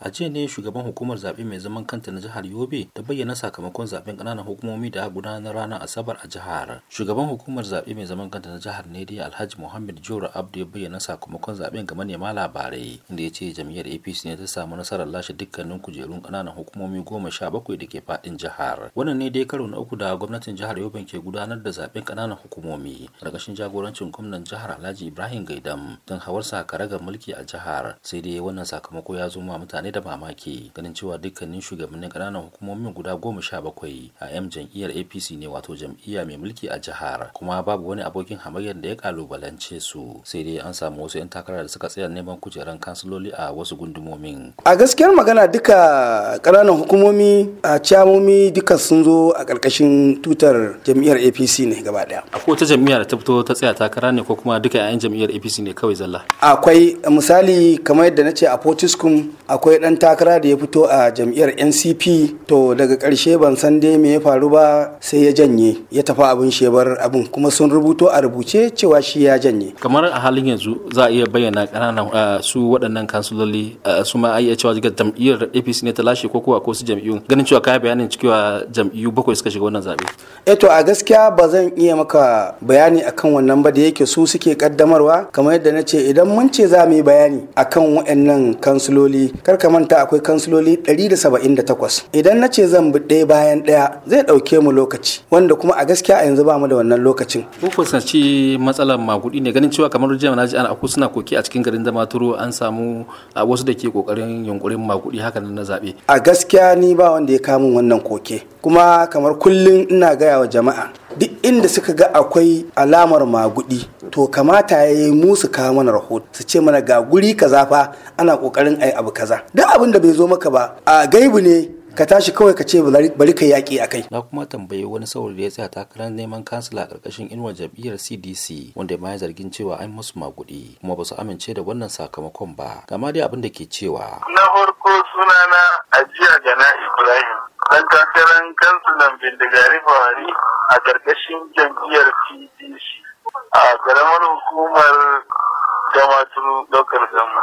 a jiya ne shugaban hukumar zaɓe mai zaman kanta na jihar yobe ta bayyana sakamakon zaɓen ƙananan hukumomi da gudanar ranar asabar a jihar shugaban hukumar zaɓe mai zaman kanta na jihar ne dai alhaji muhammad jora abdu ya bayyana sakamakon zaɓen ga manema labarai inda ya ce jam'iyyar apc ne ta samu nasarar lashe dukkanin kujerun ƙananan hukumomi goma sha bakwai da ke faɗin jihar wannan ne dai karo na uku da gwamnatin jihar yobe ke gudanar da zaɓen ƙananan hukumomi ƙarƙashin jagorancin gwamnan jihar alhaji ibrahim gaidam don hawar sakaragar mulki a jihar sai dai wannan sakamako ya zo ma mutane mutane da mamaki ganin cewa dukkanin shugabannin ƙananan hukumomin guda goma sha bakwai a 'yan jam'iyyar apc ne wato jam'iyya mai mulki a jihar kuma babu wani abokin hamayyar da ya kalubalance su sai dai an samu wasu 'yan takarar da suka tsaya neman kujeran kansiloli a wasu gundumomin a gaskiyar magana duka ƙananan hukumomi a ciyamomi duka sun zo a ƙarƙashin tutar jam'iyyar apc ne gaba ɗaya akwai wata jam'iyyar da ta fito ta tsaya takara ne ko kuma duka 'ya'yan jam'iyyar apc ne kawai zalla akwai misali kamar yadda na ce a fortiskum akwai ɗan takara da ya fito a jam'iyyar ncp to daga ƙarshe ban san dai me ya faru ba sai ya janye ya tafi abin shebar abin kuma sun rubuto a rubuce cewa shi ya janye kamar a halin yanzu za a iya bayyana ƙananan su waɗannan kansuloli su ma iya cewa daga jam'iyyar apc ne ta lashe ko kuwa ko su jam'iyyu ganin cewa kaya bayanin cewa jam'iyyu bakwai suka shiga wannan zaɓe eh to a gaskiya ba zan iya maka bayani akan wannan ba da yake su suke kaddamarwa kamar yadda na ce idan mun ce za mu yi bayani akan waɗannan kansuloli kar ka manta akwai kansiloli 178 idan na ce zan bi ɗaya bayan ɗaya zai ɗauke mu lokaci wanda kuma a gaskiya a yanzu ba mu da wannan lokacin ko fuskanci matsalar maguɗi ne ganin cewa kamar jiya na ji ana suna koki a cikin garin zama turo, an samu a wasu da ke kokarin yunkurin magudi haka na zaɓe a gaskiya ni ba wanda ya kamun wannan koke kuma kamar kullum ina gaya wa jama'a duk inda suka ga akwai alamar maguɗi. to kamata ya yi musu kawo mana rahoto su ce mana ga guri kaza fa ana kokarin ayi abu kaza duk abin da bai zo maka ba a gaibu ne ka tashi kawai ka ce bari ka yaƙi a kai. Na kuma tambayi wani saurari da ya tsaya takarar neman kansila a ƙarƙashin inuwar jam'iyyar CDC wanda ya ya zargin cewa an musu maguɗi kuma ba su amince da wannan sakamakon ba. Kama dai abin da ke cewa. Na farko sunana Ajiya Gana Ibrahim. Dan takarar kansilan Bindigari Buhari a ƙarƙashin jam'iyyar karamar hukumar damaturu ɗaukar zama.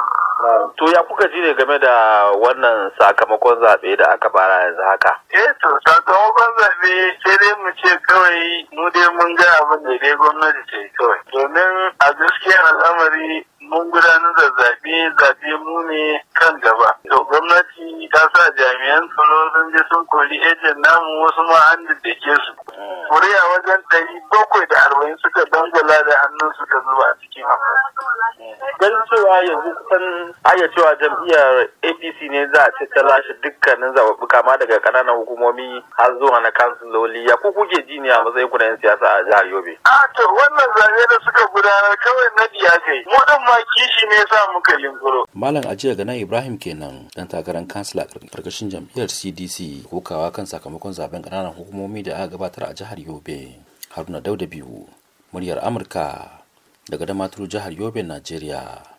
To ya kuka ji ne game da wannan sakamakon zaɓe da aka bara yanzu haka? Eh to sakamakon zaɓe sai dai mu ce kawai mu dai mun ga abin da dai gwamnati ce kawai. Domin a gaskiya al'amari mun gudanar da zaɓe zaɓe mu ne kan gaba. To gwamnati ta sa jami'an tsaro sun je sun koli ejen namu wasu ma an ke su. murya wajen ɗari bakwai da arba'in suka dangula da hannun suka zuba a cikin hakan. Don cewa yanzu kusan aya cewa jam'iyyar APC ne za a ce ta lashe dukkanin zaɓaɓɓu kama daga ƙananan hukumomi har zuwa na kansiloli ya ku kuke ji ne a matsayin ku na 'yan siyasa a jihar Yobe. A to wannan zane da suka gudanar kawai na biya kai mu ɗin ma kishi ne sa muka yunkuro. Malam Ajiya Gana Ibrahim kenan dan takarar kansila ƙarƙashin jam'iyyar CDC kokawa kan sakamakon zaben ƙananan hukumomi da aka gabatar a jihar Yobe. Haruna Dauda biyu, muryar Amurka daga Damaturu jihar Yobe, Najeriya.